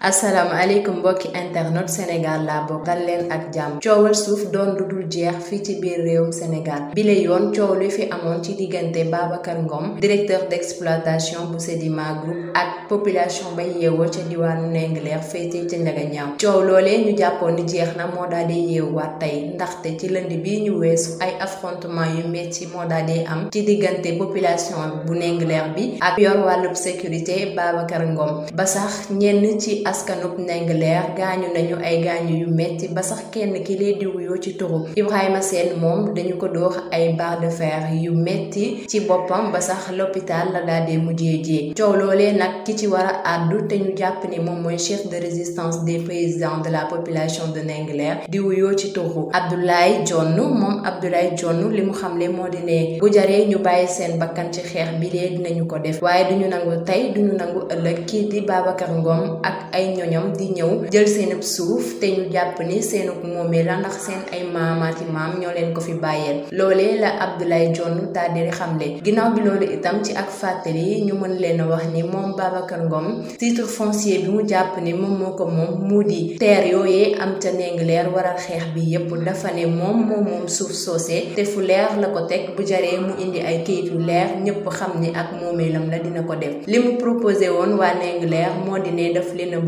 asalaamaaleykum mbokki internet Sénégal la bokk dal leen ak jàmm coowal suuf doon dudul jeex fii ci biir réewum Sénégal bile yoon coow fi amoon ci diggante Babacar Ngom directeur d'exploitation bu Group ak population ba yeewoo ca diwaanu Ndingler féete ca Ndiaga Niaw coow loolee ñu jàppoon ni jeex na moo daal di yeewuwaat tey ndaxte ci lënd bii ñu weesu ay affrontement yu metti moo am ci population bu bi ak yor wàllub sécurité Babacar Ngom ba sax ñenn ci askanub Ndingler gaañu nañu ay gaañu yu metti ba sax kenn ki lee di ci turu Ibrahima Sène moom dañu ko dóor ay barre de fer yu metti ci boppam ba sax l'hôpital la daal dee mujjee jee coow loolee nag ki ci war a àddu te ñu jàpp ni moom mooy chef de résistance des paysans de la population de Ndingler di wuyoo ci turu Abdoulaye Jonn moom Abdoulaye Jonn li mu xamle moo di ne bu jaree ñu bàyyi seen bakkan ci xeex bi lee dinañu ko def waaye duñu nangu tey duñu nangu ëllëg kii di Babacar Ngom ak ay ñoñam di ñëw jël seen suuf te ñu jàpp ni seen moomee la ndax seen ay maamaati maam ñoo leen ko fi bàyyeel loolee la Abdoulaye Dione daal di xamle ginnaaw bi loolu itam ci ak fàttali ñu mën leen wax ni moom Babacar Ngom titre foncier bi mu jàpp ni moom moo ko moom mu di teer yooyee am ca Ndingler waral xeex bi yépp dafa ne moom moom moom suuf soosee te fu leer la ko teg bu jaree mu indi ay kayitu leer ñépp xam ni ak moomeelam la dina ko def li mu proposé woon waa Ndingler moo di ne daf leen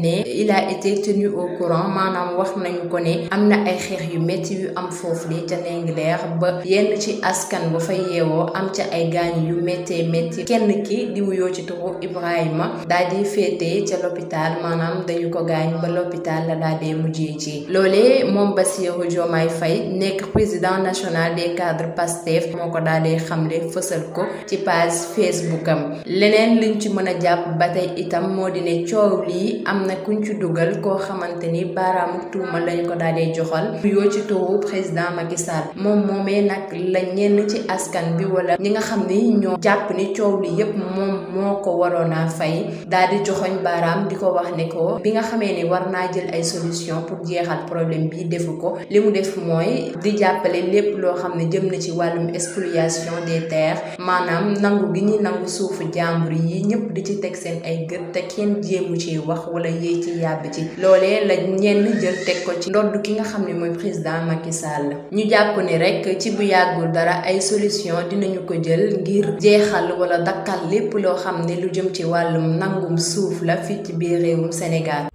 il a été tenu au courant manam wax nañ ko ne amna ay xeex yu metti yu am foofu li ca Ndingler ba yenn ci askan bu fay yeewoo am ci ay gañ yu metti kenn ki di wuyo ci Ibrahima daal di l'hôpital manam dañu ko gañ ba l'hôpital la daal dee ci loolee moom Bassirou Diomaye fay président national des cadres PASTEF moko ko daal dee xamle fësal ko ci page Facebook am leneen liñ ci mëna japp batay itam am am na kuñ ci dugal koo xamante ni baaraamu tuuma lañ ko daal di joxal yoo ci turu président Macky Sall moom moomee nag la ñenn ci askan bi wala ñi nga xam ni ñoo jàpp ni coow li yépp moom moo ko waroon a fay daal di joxoñ baaraam di ko wax ne ko bi nga xamee ni war naa jël ay solution pour jeexal problème bi defu ko li mu def mooy di jàppale lépp loo xam ne jëm na ci wàllum exploitation des terres maanaam nangu gi ñuy nangu suufu jàmbur yi ñëpp di ci teg yéey ci yàbb ci loole la ñenn jël teg ko ci ndodd ki nga xam ne mooy président Macky Sall ñu jàpp ni rek ci bu yàggul dara ay solution dinañu ko jël ngir jeexal wala dakkal lépp loo xam ne lu jëm ci wàllum nangum suuf la fii ci biir réewum Sénégal